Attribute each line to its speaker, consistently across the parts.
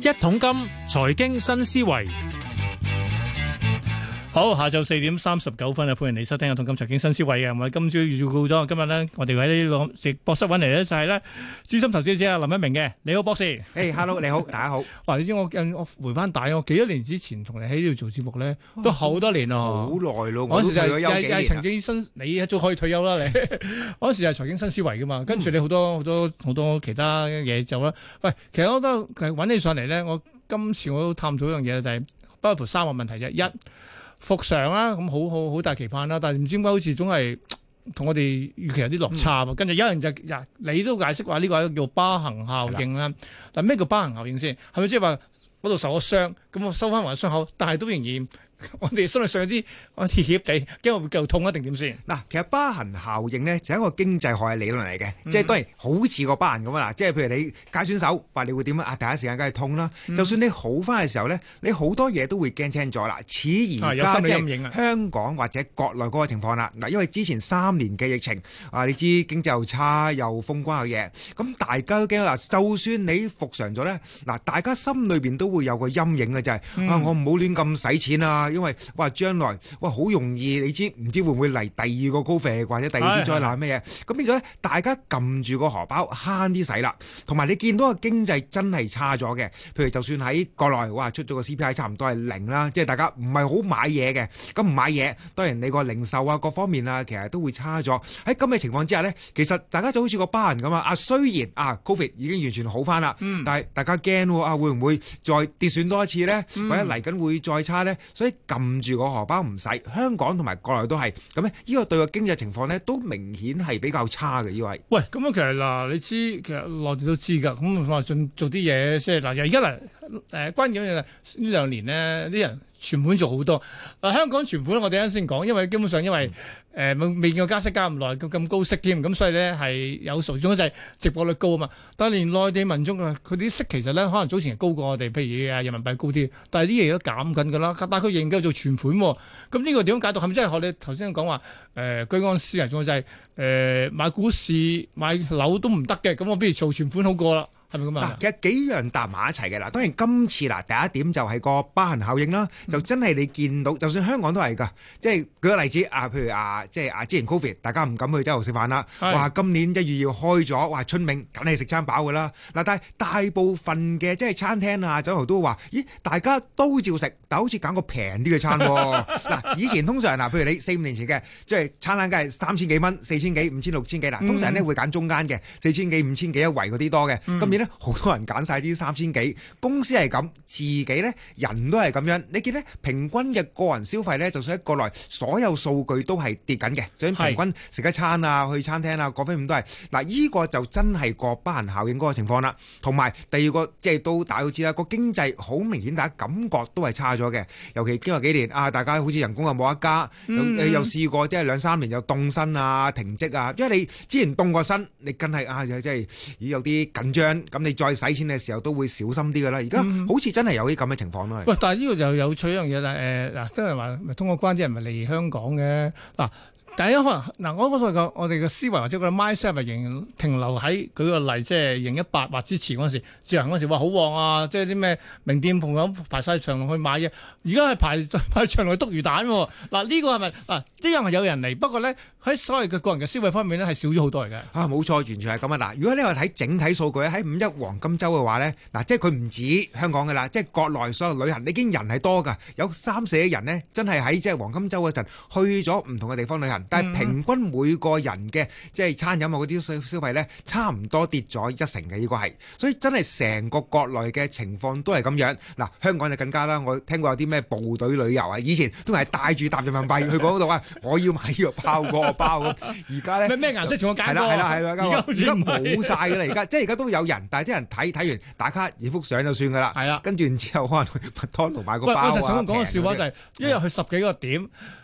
Speaker 1: 一桶金，財經新思維。好，下晝四點三十九分啊！歡迎你收聽啊，同金財經新思維嘅。今日今朝預告咗今日呢，我哋喺呢個博士揾嚟呢，就係呢資深投資者林一鳴嘅。你好，博士。hello，你好，大家好。哇！你知我我回翻大我幾多年之前同你喺呢度做節目咧，都好多年哦，好耐咯。嗰時就係、是就是就是、曾經新你一早可以退休啦。你我嗰 時係財經新思維噶嘛？跟住你好多好、嗯、多好多,多其他嘢就啦。喂，其實我都誒揾你上嚟咧。我今次我都探討一樣嘢，就係包括三個問題啫。一 復常啦，咁、啊、好好好大期盼啦、啊，但係唔知點解好似總係同我哋預期有啲落差啊，嗯、跟住有人就呀，你都解釋話呢個係一個叫疤痕效應啦、啊，嗱咩的叫疤痕效應先？係咪即係話嗰度受咗傷，咁我收翻埋傷口，但係都仍然。我哋心理上有啲怯怯地，驚我會繼續痛啊？定點先？嗱，其實疤痕效
Speaker 2: 應咧就係一個經濟學嘅理論嚟嘅，即係當然好似個疤痕咁啊！嗱，即係譬如你介選手話你會點啊？第一時間梗係痛啦。就算你好翻嘅時候咧，你好多嘢都會驚青咗啦。此而家即係香港或者國內嗰個情況啦。嗱，因為之前三年嘅疫情啊，你知經濟又差又封關嘅嘢，咁大家都驚啊！就算你復常咗咧，嗱，大家心裏邊都會有個陰影嘅，就係啊，我唔好亂咁使錢啊！因為哇，將來哇好容易，你知唔知會唔會嚟第二個 COVID 或者第二啲災難係咩嘢？咁變咗咧，大家撳住個荷包慳啲使啦。同埋你見到個經濟真係差咗嘅，譬如就算喺國內，哇出咗個 CPI 差唔多係零啦，即係大家唔係好買嘢嘅。咁唔買嘢，當然你個零售啊各方面啊，其實都會差咗。喺咁嘅情況之下咧，其實大家就好似個班人咁啊。啊雖然啊 COVID 已經完全好翻啦，嗯、但係大家驚啊會唔會再跌損多一次咧？或者嚟緊會再差咧？所以，撳住個荷包唔使，香港同埋國內都係咁咧，呢個對個經濟情況呢，都明顯係比較差嘅呢位。
Speaker 1: 喂，咁啊，其實嗱，你知其實內地都知噶，咁我仲做啲嘢，即係嗱，又而家嗱，誒，關鍵嘢呢兩年呢啲人。存款做好多，啊、呃、香港存款我哋啱先講，因為基本上因為誒、呃、未未見加息加，加唔耐咁咁高息添，咁所以咧係有數，仲就係直播率高啊嘛。但係連內地民眾啊，佢啲息其實咧可能早前高過我哋，譬如啊人民幣高啲，但係啲嘢都減緊噶啦，但係佢仍舊做存款、啊，咁呢個點解讀？係咪真係學你頭先講話誒居安思危，仲就係誒買股市買樓都唔得嘅，咁我不如做存款好過啦？係咪咁啊？是
Speaker 2: 是其實幾樣搭埋一齊嘅。嗱，當然今次嗱第一點就係個疤痕效應啦，嗯、就真係你見到，就算香港都係㗎，即係舉個例子啊，譬如啊，即係啊之前 Covid，大家唔敢去酒樓食飯啦，話是今年一月要開咗，話春茗梗係食餐飽㗎啦。嗱，但係大部分嘅即係餐廳啊、酒樓都話，咦，大家都照食，但好似揀個平啲嘅餐。嗱， 以前通常嗱，譬如你四五年前嘅，即係餐單梗係三千幾蚊、四千幾、五千六千幾，嗱，通常咧會揀中間嘅四千幾、五千幾一圍嗰啲多嘅，5, 多多嗯、今咧好多人揀晒啲三千幾公司係咁，自己咧人都係咁樣。你見咧平均嘅，個人消費咧，就算喺國內所有數據都係跌緊嘅，所以平均食一餐啊，去餐廳啊，各方面都係嗱。呢個就真係個疤痕效應嗰個情況啦。同埋第二個即係大家都知啦，個經濟好明顯，大家感覺都係差咗嘅。尤其經過幾年啊，大家好似人工又冇得加，又又試過即係兩三年又凍薪啊、停職啊。因為你之前凍過薪，你真係啊，又即係咦有啲緊張。咁你再使錢嘅時候都會小心啲噶啦，而家好似真係有啲咁嘅情況咯。
Speaker 1: 喂、嗯，但係呢個又有趣一樣嘢啦，誒、 呃，嗱，即係話通過關啲人咪嚟香港嘅嗱。啊但一可能嗱，那個、所謂嗰個我哋嘅思維或者個 mindset 係仍然停留喺舉個例，即係盈一百或之前嗰時，自行嗰時話好旺啊，即係啲咩名店鋪咁排晒長龍去買嘢。而家係排排長龍去篤魚蛋喎。嗱呢個係咪啊？一樣係有人嚟，不過咧喺所謂嘅個人嘅消費方面咧，係少咗好多嚟嘅。
Speaker 2: 啊，冇錯，完全係咁啊！嗱，如果你話睇整體數據喺五一黃金周嘅話咧，嗱，即係佢唔止香港嘅啦，即係國內所有旅行，已經人係多㗎，有三四億人呢，真係喺即係黃金周嗰陣去咗唔同嘅地方旅行。但係平均每個人嘅即係餐飲啊嗰啲消消費咧，差唔多跌咗一成嘅，呢個係，所以真係成個國內嘅情況都係咁樣。嗱，香港就更加啦。我聽過有啲咩部隊旅遊啊，以前都係帶住揼人民幣去嗰度啊， 我要買藥包個包。而家咧，咩顏色？仲有膠？係啦係啦係啦，膠。而家冇曬㗎啦！而家即係而家都有人，但係啲人睇睇完打卡影幅相就算㗎啦。係啦的，跟住之後可能去麥當勞買個包啊，平。我我想講個笑話宜就係，
Speaker 1: 一日去十幾個點。嗯嗯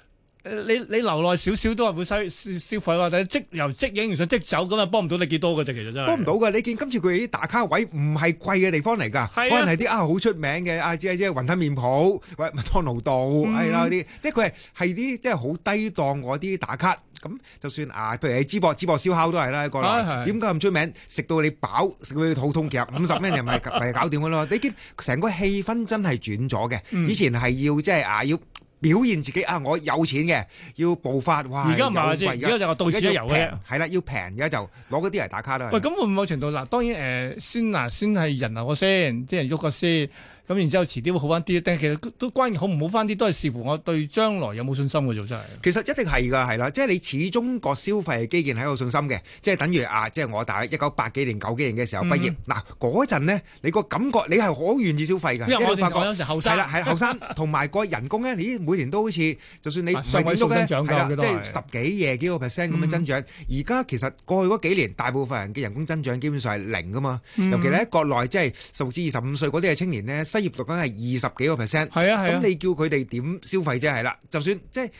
Speaker 1: 你你留耐少少都係會消消消費喎，但即由即影完相即走咁啊，幫唔到你幾多嘅啫。其實真係幫
Speaker 2: 唔到噶。你見今次佢啲打卡位唔係貴嘅地方嚟噶，可能係啲啊好出名嘅啊，即係即係雲吞麵鋪，或者麥當勞度係啦嗰啲，即係佢係係啲即係好低檔嗰啲打卡。咁就算啊，譬如係淄博淄博燒烤都係啦，過嚟點解咁出名？食到你飽，食到你肚痛其實，五十蚊人咪咪搞掂嘅咯。你見成個氣氛真係轉咗嘅，以前係要即係啊要。啊要嗯嗯表現自己啊！我有錢嘅要步發，哇！而家唔係，而家、呃、在就到此一遊嘅。係啦，要平而家就攞嗰啲嚟打卡啦。喂，
Speaker 1: 咁會唔會程度嗱？當然誒、呃，先嗱，先係人流嘅先，啲人喐嘅先。先咁然之後遲啲會好翻啲，但係其實都關好唔好翻啲，都係視乎我對將來有冇信心嘅啫，真係。
Speaker 2: 其實一定係㗎，係啦，即係你始終個消費基建係有信心嘅，即係等於啊，即係我大一九八幾年、九幾年嘅時候畢業，嗱嗰陣咧，你個感覺你係好願意消費㗎，因為我發覺係啦，係後生，同埋個人工咧，你，每年都好似就算你上位都咧，係啦，即係十幾、廿幾個 percent 咁嘅增長。而家其實過去嗰幾年，大部分人嘅人工增長基本上係零㗎嘛，尤其咧喺國內，即係十至二十五歲嗰啲嘅青年咧，西業率梗係二十幾個 percent，係啊，係咁你叫佢哋點消費啫？係啦，就算即係。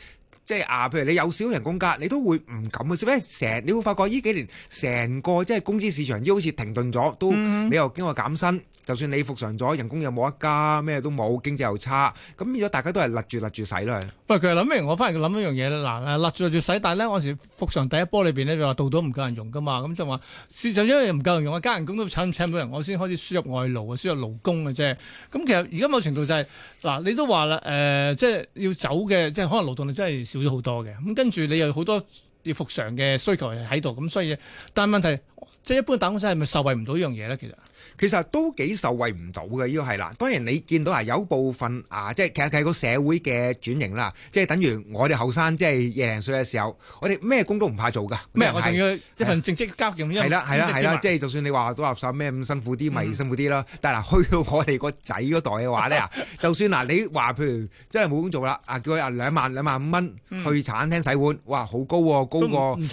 Speaker 2: 即係啊，譬如你有少人工加，你都會唔敢嘅。成，你會發覺呢幾年成個即係工資市場已經好似停頓咗，都你又經過減薪，就算你復常咗，人工又冇得加，咩都冇，經濟又差，咁變咗大家都係勒住勒住使啦。
Speaker 1: 喂，佢諗咩？我翻嚟佢諗一樣嘢咧。嗱，勒住勒住使，但係咧，嗰時復常第一波裏邊呢，就話道到唔夠人用㗎嘛。咁就話事實因為唔夠人用啊，加人工都請唔請到人，我先開始輸入外勞啊，輸入勞工嘅啫。咁其實而家某程度就係、是、嗱，你都話啦，誒、呃，呃呃呃、mainly, 即係要，要，要、呃、要走嘅，即、呃、係可能勞動力真係。少咗好多嘅，咁跟住你又好多要復常嘅需求又喺度，咁所以但係問題即係一般打工仔係咪受惠唔到呢樣嘢咧？其實。其實
Speaker 2: 都幾受惠唔到嘅，呢個係啦。當然你見到啊，有部分啊，即係其實係個社會嘅轉型啦。即係等於我哋後生，即係廿零歲嘅時候，我哋咩工都唔怕做㗎。咩？我仲要
Speaker 1: 一份正式交用。係啦，係啦，係啦。
Speaker 2: 即係就算你話倒垃圾咩咁辛苦啲，咪辛苦啲咯。但係嗱，去到我哋個仔嗰代嘅話咧，就算嗱，你話譬如真係冇工做啦，啊叫佢啊兩萬兩萬五蚊去茶餐廳洗碗，哇，好高喎，高喎，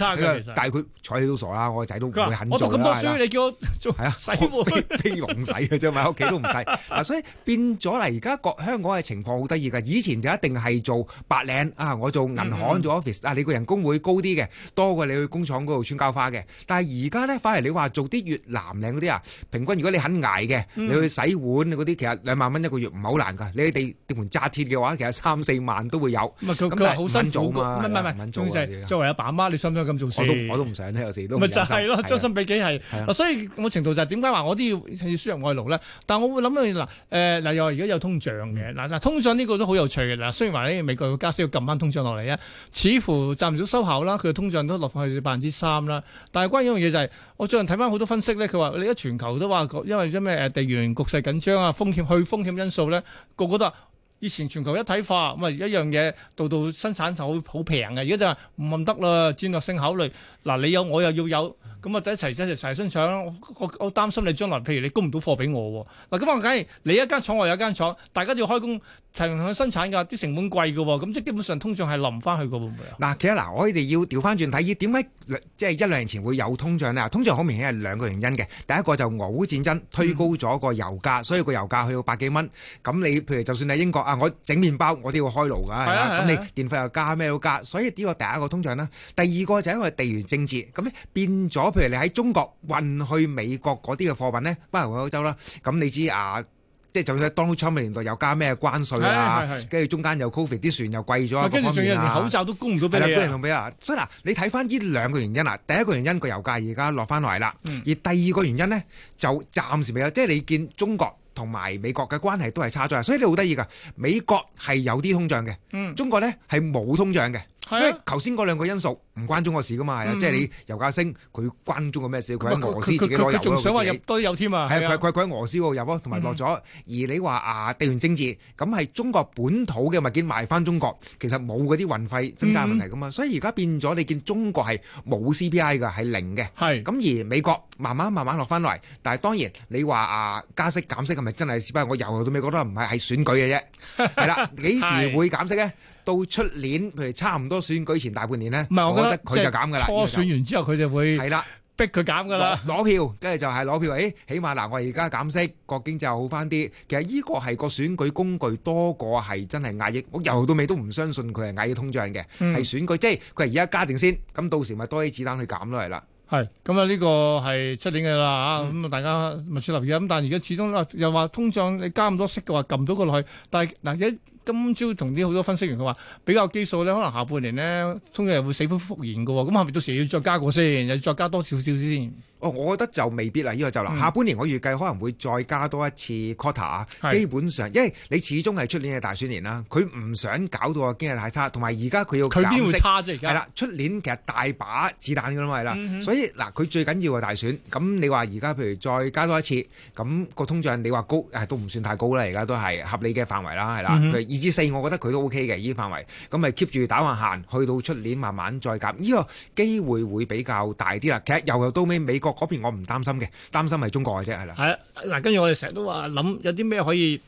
Speaker 2: 但係佢睬你都傻啦，我個仔都唔會肯做啦。我咁多書，你
Speaker 1: 叫我做？係啊，洗碗。飛唔
Speaker 2: 使嘅啫嘛，屋企都唔使。嗱、啊，啊、 所以變咗啦。而家個香港嘅情況好得意㗎。以前就一定係做白領啊，我做銀行、嗯、做 office 啊，你個人工會高啲嘅，多過你去工廠嗰度穿膠花嘅。但係而家咧，反而你話做啲越南領嗰啲啊，平均如果你肯捱嘅，你去洗碗嗰啲，其實兩萬蚊一個月唔係好難㗎。你去地盤紮鐵嘅話，其實三四萬都會有。咁啊，好辛苦啊，唔唔唔，
Speaker 1: 是作為阿爸媽，你想唔想咁做我？我都我都唔想咧，有時都咪就係、是、咯，將心比己係。的所以我程度就係點解話我都要？睇要輸入外勞咧，但係我會諗到，嗱、呃，誒，嗱又係而家有通脹嘅，嗱嗱，通脹呢個都好有趣嘅，嗱，雖然話呢，美國嘅加息要撳翻通脹落嚟啊，似乎暫唔暫時都收效啦，佢嘅通脹都落翻去百分之三啦，但係關於一樣嘢就係、係，我最近睇翻好多分析咧，佢話你而家全球都話，因為因咩誒地緣局勢緊張啊，風險去風險因素咧，個個都話。以前全球一體化，咁咪一樣嘢度度生產就好好平嘅。而家就唔得啦，戰略性考慮。嗱，你有我又要有，咁啊一齊一齊一齊生產咯。我我擔心你將來譬如你供唔到貨俾我喎。嗱，咁啊梗係你一間廠我有一間廠，大家要開工齊齊生產㗎，啲成本貴㗎喎。咁即基本上通脹係冧返去嘅會唔會啊？
Speaker 2: 嗱，其實嗱，我哋要調翻轉睇，點解即係一兩年前會有通脹咧？通脹好明顯係兩個原因嘅。第一個就俄烏戰爭推高咗個油價，嗯、所以個油價去到百幾蚊。咁你譬如就算喺英國啊、我整麵包，我都要開爐噶，咁、啊啊、你電費又加咩都加，所以呢個第一個通脹啦。第二個就係因為地緣政治，咁咧變咗。譬如你喺中國運去美國嗰啲嘅貨品咧，包括去歐洲啦，咁你知啊，即係就算喺 Donald Trump 年代又加咩關稅啊，跟住、啊啊、中間又 COVID，啲船又貴咗啊，各方面口罩都
Speaker 1: 供唔到俾你啊。
Speaker 2: 啊所以嗱，你睇翻呢兩個原因啦。第一個原因個油價而家落翻嚟啦，嗯、而第二個原因咧就暫時未有，即係你見中國。同埋美國嘅關係都係差咗。所以你好得意㗎，美國係有啲通脹嘅，中國呢係冇通脹嘅。因為，頭先嗰兩個因素唔關中國事噶嘛，係啊，即係你油價升，佢關中國咩事？佢喺俄羅斯自己攞油啊，想話入多啲油添啊，係佢佢佢喺俄羅斯喎入啊，同埋落咗。而你話啊地緣政治，咁係中國本土嘅物件賣翻中國，其實冇嗰啲運費增加問題噶嘛。所以而家變咗，你見中國係冇 CPI 㗎，係零嘅。係咁，而美國慢慢慢慢落翻嚟，但係當然你話啊加息減息係咪真係事？不過我由頭到尾覺得唔係，係選舉嘅啫。係啦，幾時會減息咧？到出年，譬如差唔多選舉前大半年咧，唔係我覺得佢就減嘅啦。初選完之後，佢就會係啦，逼佢減嘅啦，攞票，跟住就係攞票。誒，起碼嗱，我而家減息，個經濟好翻啲。其實依個係個選舉工具多過係真係壓抑。我由到尾都唔相信佢係壓抑通脹嘅，係選舉。即係佢係而家加定先，咁到時咪多啲子彈去
Speaker 1: 減咯，係啦。係，咁啊呢個係出年嘅啦啊，咁啊大家密切留意。咁但係而家始終咧，又話通脹，你加咁多息嘅話，撳到佢落去，但係嗱一。今朝同啲好多分析員佢話比較基數咧，可能下半年呢，通脹又會死灰復燃嘅喎，咁後面到時要再加個先，又要再加多少少先。
Speaker 2: 哦，我覺得就未必啊，呢、呢個就啦。嗯、下半年我預計可能會再加多一次 quarter 啊是，基本上因為你始終係出年嘅大選年啦，佢唔想搞到個經濟太差，同埋而家佢要佢邊會差啫？而家係啦，出年其實大把子彈噶啦嘛，係啦。嗯嗯，所以嗱，佢最緊要係大選。咁你話而家譬如再加多一次，咁、咁個通脹你話高，啊、都唔算太高啦，而家都係合理嘅範圍啦，係啦。嗯嗯二至四，我覺得佢都 OK 嘅依啲範圍，咁咪 keep 住打橫行，去到出年慢慢再減，呢個機會會比較大啲啦。其實由頭到尾美國嗰邊，我唔擔心嘅，擔心係中國嘅啫，係啦。
Speaker 1: 係啦，嗱，跟住我哋成日都話諗有啲咩可以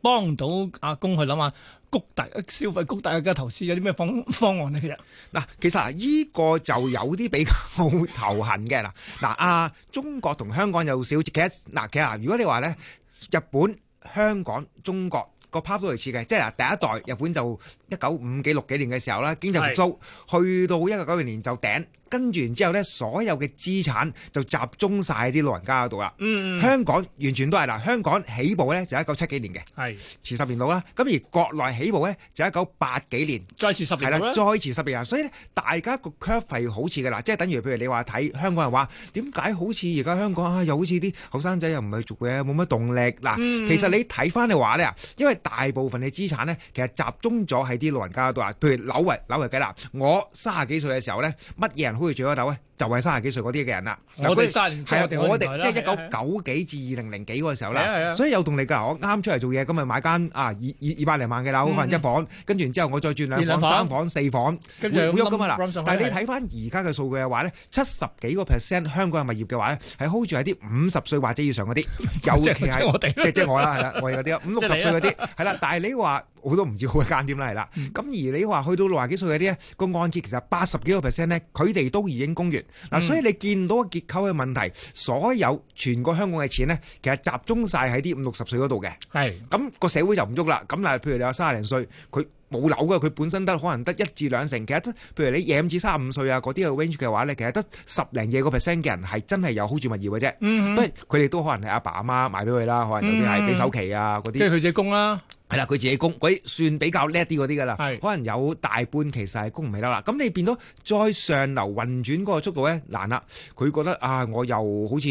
Speaker 1: 幫到阿公去諗下，谷大消費，谷大嘅投資有啲咩方方案咧？其實嗱，其實依個就有啲比
Speaker 2: 較好頭痕嘅啦。嗱，阿中國同香港有少少，其實嗱，其實如果你話咧，日本、香港、中國。個 pattern 都類似嘅，即係嗱，第一代日本就一九五幾六幾年嘅時候啦，經濟復甦，是的 去到一九九零年就頂。跟住然之後咧，所有嘅資產就集中晒喺啲老人家嗰度啦。嗯，香港完全都係嗱，香港起步咧就一九七幾年嘅，係遲十年到啦。咁而國內起步咧就一九八幾年，再遲十年，係啦，再遲十年啊。所以咧，大家個 curve 係好似嘅啦，即係等於譬如你話睇香港人話點解好似而家香港啊，又好似啲後生仔又唔係做嘅，冇乜動力嗱。其實你睇翻你話咧，因為大部分嘅資產咧，其實集中咗喺啲老人家嗰度啊。譬如樓為樓為計啦，我卅幾歲嘅時候咧，乜嘢人？hold 住嗰啲樓咧，就係卅幾歲嗰啲嘅人啦。我哋卅，係啊，我哋即係一九九幾至二零零幾嗰陣時候啦。所以有動力㗎。我啱出嚟做嘢，咁咪買間啊二二二百零萬嘅樓，可能一房。跟住然之後，我再轉兩房、三房、四房，會會喐㗎嘛嗱。但係你睇翻而家嘅數據嘅話咧，七十幾個 percent 香港嘅物業嘅話咧，係 hold 住喺啲五十歲或者以上嗰啲，尤其係我哋即即我啦，係啦，我哋嗰啲五六十歲嗰啲係啦。但係你話。好多唔知好嗰間點啦，係啦、嗯。咁而你話去到六十幾歲嗰啲咧，個按揭其實八十幾個 percent 咧，佢哋都已經供完。嗱、嗯，所以你見到結構嘅問題，所有全個香港嘅錢咧，其實集中晒喺啲五六十歲嗰度嘅。係是，咁個社會就唔喐啦。咁例如譬如你話三十零歲，佢。冇樓嘅佢本身得可能得一至兩成，其實譬如你廿五至三五歲啊嗰啲嘅 range 嘅話咧，其實得十零廿個 percent 嘅人係真係有好住物業嘅啫，因為佢哋都可能係阿爸阿媽買俾佢啦，可能有啲係俾首期啊嗰啲。即係佢自己供啦，係啦，佢自己供，佢算比較叻啲嗰啲噶啦，是可能有大半其實係供唔起啦。咁你變到再上流運轉嗰個速度咧，難啦，佢覺得啊，我又好似。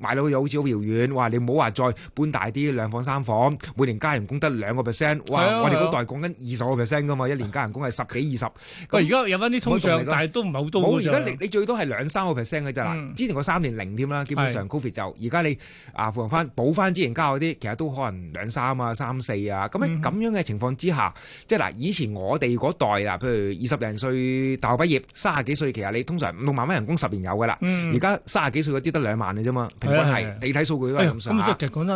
Speaker 2: 買到又好似好遙遠，哇！你唔好話再搬大啲兩房三房，每年加人工得兩個 percent，哇！我哋嗰代講緊二十個 percent 噶嘛，一年加人工係十幾二十。咁而家有翻啲通脹，但係都唔係好多嘅。而家你最多係兩三個 percent 嘅啫啦。之前個三年零添啦，基本上 Covid 就而家你啊，復翻補翻之前加嗰啲，其實都可能兩三啊、三四啊。咁樣咁樣嘅情況之下，即係嗱，以前我哋嗰代啦，譬如二十零歲大學畢業，卅幾歲，其實你通常五六萬蚊人工十年有噶啦。而家卅幾歲嗰啲得兩萬嘅啫嘛。關係，的你睇數據都係咁實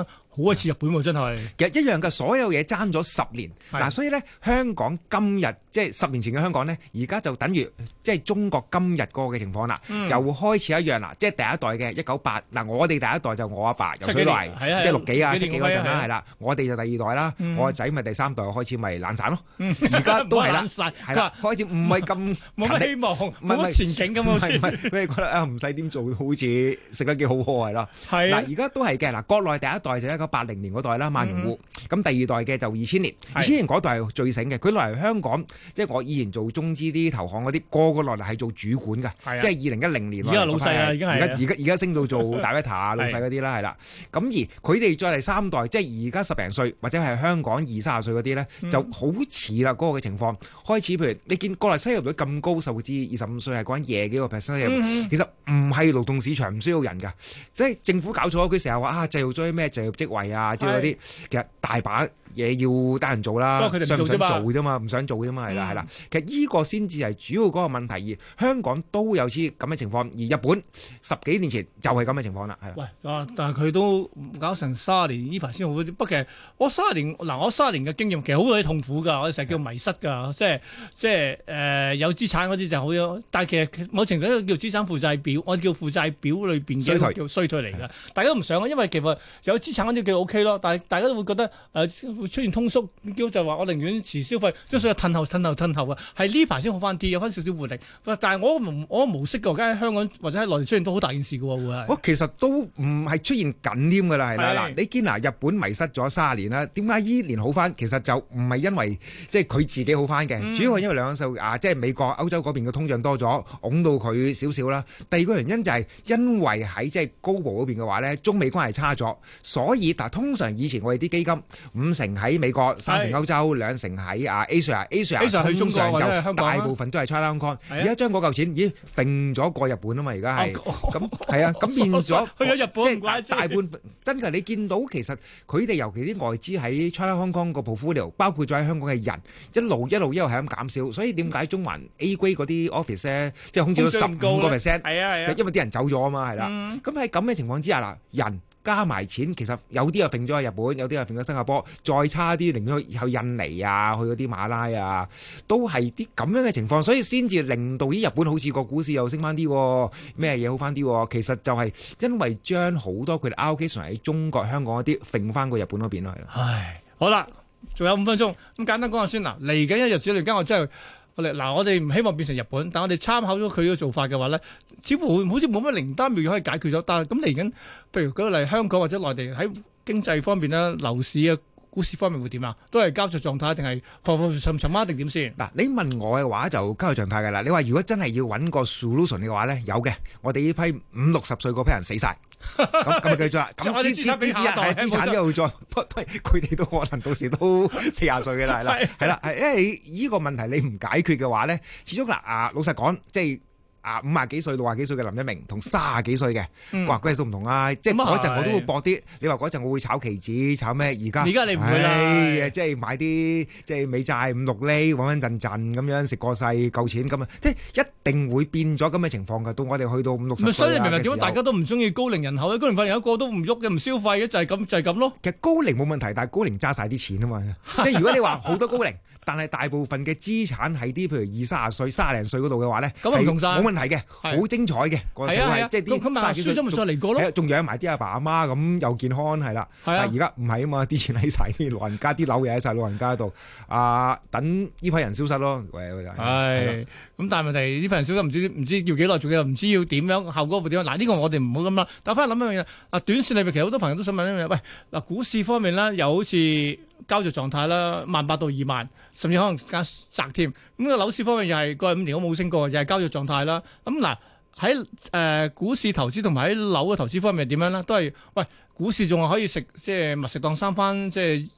Speaker 1: 嚇。好似日本喎，真係
Speaker 2: 其實一樣嘅，所有嘢爭咗十年嗱，所
Speaker 1: 以咧香
Speaker 2: 港今日即係十年前嘅香港咧，而家就等於即係中國今日個嘅情況啦，又開始一樣啦，即係第一代嘅一九八嗱，我哋第一代就我阿爸游水嚟，即係六幾啊七幾嗰陣啦，係啦，我哋就第二代啦，我個仔咪第三代開始咪懶散咯，而家都係啦，開始唔係咁冇希望冇前景咁樣，你覺得啊唔使點做好似食得幾好可愛咯，嗱而家都係嘅嗱，國內第一代就一八零年代啦，萬元戶，咁、嗯、第二代嘅就二千年，二千年嗰代係最醒嘅。佢落嚟香港，即、就、係、是、我以前做中資啲投行嗰啲，個個落嚟係做主管噶，是的 即係二零一零年。因為老細啊，已而家而家升到做大 v i 老細嗰啲啦，係啦。咁而佢哋再嚟三代，即係而家十零歲或者係香港二三十歲嗰啲咧，就好似啦嗰個嘅情況。嗯、開始譬如你見過嚟收入率咁高，受至二十五歲係嗰陣夜幾個 percent 其實。唔係勞動市場唔需要人㗎，即係政府搞錯，佢成日話啊，製造咗啲咩就業職位啊之類啲，的其實大把。嘢要得人做啦，佢哋想唔想做啫嘛？唔、嗯、想做啫嘛？係啦，係啦。其實依個先至係主要嗰個問題。而香港都有啲咁嘅情況，而日本十幾年前就係咁嘅情況啦。係
Speaker 1: 啦。喂，但係佢都搞成卅年依排先好啲。不過、呃、其實我卅年嗱，我卅年嘅經驗其實好鬼痛苦㗎。我哋成日叫迷失㗎的，即係即係誒有資產嗰啲就好。但係其實某程度叫資產負債表，我叫負債表裏邊叫衰退嚟㗎。的大家唔想因為其實有資產嗰啲叫 O K 咯，但係大家都會覺得誒。呃呃會出現通縮，叫做話我寧願遲消費，即所以褪後、褪後，後、褪後啊！係呢排先好翻啲，有翻少少活力。但係我我模式嘅，家喺香港或者喺內地出現都好大件事嘅喎，會係我
Speaker 2: 其實都唔係出現緊添㗎啦，係啦嗱，的你見嗱日本迷失咗三十年啦，點解依年好翻？其實就唔係因為即係佢自己好翻嘅，主要係因為兩手，啊，即係美國、歐洲嗰邊嘅通脹多咗，拱到佢少少啦。第二個原因就係因為喺即係高部嗰邊嘅話咧，中美關係差咗，所以但通常以前我哋啲基金五成。喺美國三成歐洲兩成喺啊 Asia，Asia 通常就大部分都係 China Hong Kong。而家將嗰嚿錢咦揈咗過日本啊嘛而家係，咁係啊咁變咗去咗日本唔怪之得。大半真㗎，你見到其實佢哋尤其啲外資喺 China Hong Kong 個 portfolio，包括咗喺香港嘅人，一路一路一路係咁減少。所以點解中環 A 區嗰啲 office 咧，即係空置咗十五個 percent？係啊係啊，就因為啲人走咗啊嘛係啦。咁喺咁嘅情況之下啦，人。加埋錢，其實有啲又揈咗去日本，有啲又揈咗新加坡，再差啲，寧願去印尼啊，去嗰啲馬拉啊，都係啲咁樣嘅情況，所以先至令到啲日本好似個股市又升翻啲，咩嘢好翻啲，其實就係因為將好多佢哋 outstation 喺中國香港嗰啲揈翻過日本嗰邊去咯。
Speaker 1: 唉，好啦，仲有五分鐘，咁簡單講下先嗱，嚟緊一日資料嚟緊，我真係～嗱、啊，我哋唔希望變成日本，但我哋參考咗佢嘅做法嘅話咧，似乎好似冇乜靈丹妙藥可以解決咗。但係咁，你而家譬如舉例香港或者內地喺經濟方面啦、樓市啊、股市方面會點啊？都係膠著狀態定係浮浮沉沉啊？定點先？嗱、嗯，你問我嘅話就膠著狀態嘅啦。你話如果真係要揾個 solution 嘅話咧，有
Speaker 2: 嘅。我哋呢批五六十歲嗰批人死晒。咁咁啊，繼續啦。咁資資資產係 資產又再，佢哋 都可能到時都四十歲嘅啦。係啦，係啦，因為呢個問題你唔解決嘅話咧，始終嗱啊，老實講，即係。啊，五廿幾歲六廿幾歲嘅林一鳴，同三廿幾歲嘅，哇、嗯，嗰啲都唔同啊！嗯、即係嗰陣我都會搏啲，嗯、你話嗰陣我會炒期指，炒咩？而家而家你唔會啦，即係買啲即係美債五六厘，穩穩陣陣咁樣食過世夠錢咁啊！即係一定會變咗咁嘅情況噶，到我哋去到五六。唔係，所以明明點解大
Speaker 1: 家都唔中意高齡人口咧？高齡人口一個都唔喐嘅，唔消費嘅，就係、是、咁就係、是、咁、就是、咯。其實高齡冇問題，但係高齡揸晒啲錢啊嘛，即係 如果你話好多高齡。 但係大部
Speaker 2: 分嘅資產喺啲譬如二三十歲、三十零歲嗰度嘅話咧，冇問題嘅，好是的 精彩嘅嗰陣時係的即係啲三十歲，仲再嚟過咯，仲養埋啲阿爸阿媽咁又健康係啦。而家唔係啊嘛，啲錢喺晒啲老人家，啲樓嘢喺晒老人家度啊、呃，等
Speaker 1: 呢批人消失咯。係、哎、咁、哎、但係問題呢批人消失唔知唔知要幾耐，仲要唔知要點樣效果會點樣？嗱、呢、這個我哋唔好咁啦。但翻嚟諗一樣嘢，啊，短線裏面其實好多朋友都想問一樣，喂，嗱，股市方面啦，又好似。膠着狀態啦，萬八到二萬，甚至可能加窄添。咁個樓市方面又係過去五年都冇升過，又係膠着狀態啦。咁嗱喺誒股市投資同埋喺樓嘅投資方面點樣咧？都係喂，股市仲係可以食，即係物食當三翻，即係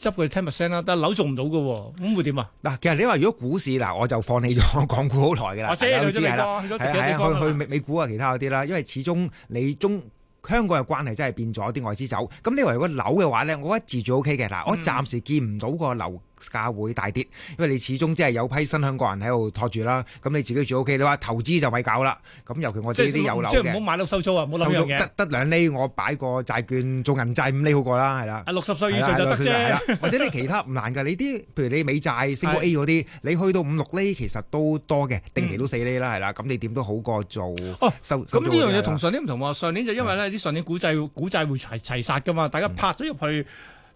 Speaker 1: 執佢聽物聲啦。但係樓做唔到嘅，咁會點啊？嗱，
Speaker 2: 其實你話如果股市嗱，我就放棄咗港股好耐嘅啦，我去知啦，係係去美去美去美股啊，其他嗰啲啦，因為始終你中，香港嘅關係真係變咗，啲外資走。咁你話如果樓嘅話咧，我覺得自住 O K 嘅。嗱，我暫時見唔到個樓價會大跌，因為你始終即係有，有批新香港人喺度托住啦，咁你自己住 O K 啦。投資就咪搞啦，咁尤其我哋呢啲有樓即係唔好買
Speaker 1: 樓收租啊，唔好收租得
Speaker 2: 得兩厘，我擺個債券做銀債五厘好過啦，係啦。六十歲以上就得啫， 或者你其他唔難㗎，你啲譬如你美債、升五 A 嗰啲，的你去到五六厘其實都多嘅，的定期都四厘啦，係啦。咁你點都好過做
Speaker 1: 收。咁呢樣嘢同上年唔同喎，上年就因為咧啲、嗯、上年股債股債會齊齊殺㗎嘛，大家拍咗入去。嗯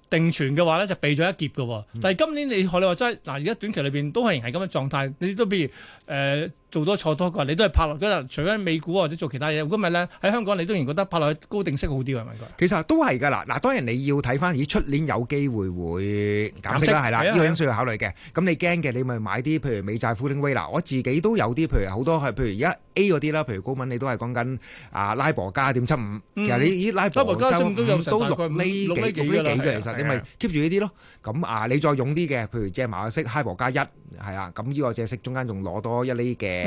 Speaker 1: 定存嘅話咧就避咗一劫嘅，嗯、但係今年你學你話齋，嗱，而家短期裏邊都係係咁嘅狀態，你都比如誒。呃做多錯多個，你都係拍落嗰除咗美股或者做其他嘢，如果唔係咧喺香港，你當然覺得拍落去高定息好啲，係咪？
Speaker 2: 其實都係㗎啦，嗱當然你要睇翻，咦，出年有機會會減息啦，係啦，呢個因素要考慮嘅。咁你驚嘅，你咪買啲譬如美債 floating vanilla 我自己都有啲譬如好多係譬如而家 A 嗰啲啦，譬如高敏，你都係講緊啊拉博加點七五，其實你依拉博加七五都六釐六釐幾嘅，其實你咪 keep 住呢啲咯。咁啊，你再用啲嘅，譬如借埋個息 high 博加一係啊，咁呢個借息中間仲攞多一釐嘅。咁、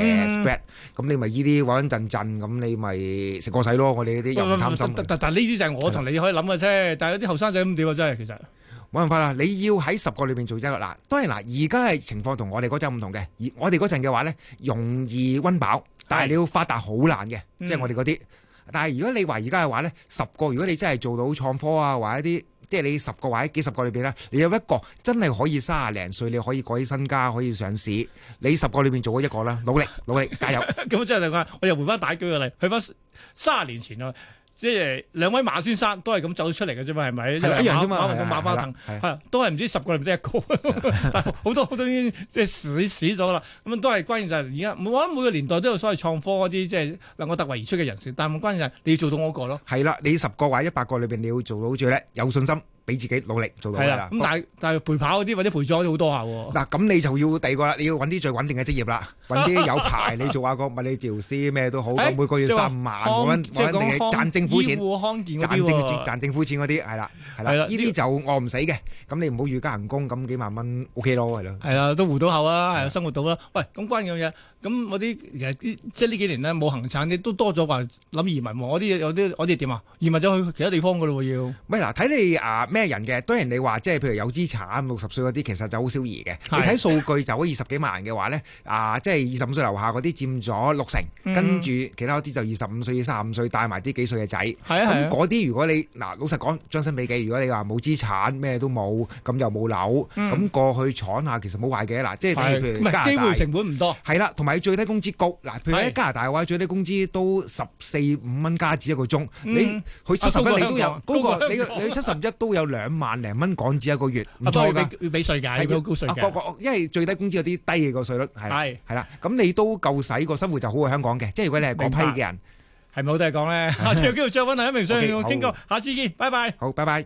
Speaker 2: 嗯、你咪依啲穩穩陣陣，咁你咪食過世咯。我哋啲又唔貪心。
Speaker 1: 但但呢啲就係我同你可以諗嘅啫。的但係有啲後生仔咁點啊，真係，其實冇辦法啦。你要喺十個裏邊做一個嗱，當然啦，而家係情
Speaker 2: 況同我哋嗰陣唔同嘅。而我哋嗰陣嘅話咧，容易溫飽，但係你要發達好難嘅，即係的我哋嗰啲。但係如果你話而家嘅話咧，十個如果你真係做到創科啊，或者一啲。即係你十個或者幾十個裏邊咧，你有一個真係可以三廿零歲，你可以改起身家，可以上市，你十個裏邊做咗一個啦，努力努力加油！
Speaker 1: 咁即係我我又回翻打機嘅例，去翻卅年前啊。即係兩位馬先生都係咁走出嚟嘅啫嘛，係咪？又跑跑個馬馬凳，係都係唔知十個入面得一個，好的 多好多即係死死咗啦。咁都係關鍵就係而家，我覺得每個年代都有所謂創科嗰啲即係能夠突圍而出嘅人士，但係冇關鍵就係你要做到嗰個咯。
Speaker 2: 係啦，你十個或者一百個裏邊你要做到最叻，有信心。你自己努力做到㗎啦。咁
Speaker 1: 但係但係陪跑嗰啲或者陪葬都好多下喎。嗱，咁你就
Speaker 2: 要第二個啦，你要揾啲最穩定嘅職業啦，揾啲有牌。你做下個物理治療師咩都好，每個月三五萬，每蚊穩定係賺政府錢，賺
Speaker 1: 政府賺
Speaker 2: 政府錢嗰啲係啦，係啦。依啲就餓唔死嘅，咁你唔好預加人工咁幾萬蚊 OK 咯，係咯。
Speaker 1: 係啦，都糊到口啊，係生活到啦。喂，咁關鍵嘢，咁我啲其實即係呢幾年呢冇行產，你都多咗話諗移民喎。我啲有啲我啲點啊？移民咗去其他地方嘅咯要。唔嗱，睇你
Speaker 2: 啊咩？咩人嘅？當然你話即係譬如有資產六十歲嗰啲，其實就好少而嘅。你睇數據，就嗰二十幾萬嘅話咧，啊，即係二十五歲樓下嗰啲佔咗六成，跟住其他啲就二十五歲三十五歲帶埋啲幾歲嘅仔。咁嗰啲如果你嗱老實講，將心比己，如果你話冇資產，咩都冇，咁又冇樓，咁過去闖下其實冇壞嘅嗱，即係譬如加拿大，機會成本唔多，係啦，同埋佢最低工資高嗱，譬如喺加拿大嘅話，最低工資都十四五蚊加紙一個鐘，你去七十一你都有，嗰你你去七十一都有。兩萬零蚊港紙一個月唔錯，啊、要
Speaker 1: 俾稅嘅。係高高稅
Speaker 2: 嘅。因為最低工資有啲低嘅個稅率，係係啦。咁的你都夠使個生活就好過香港嘅。即係如果你係嗰批嘅人，係咪好多嘢講咧？是是 下次有機會再搵另一名商業機構，下次見，拜拜。好，拜拜。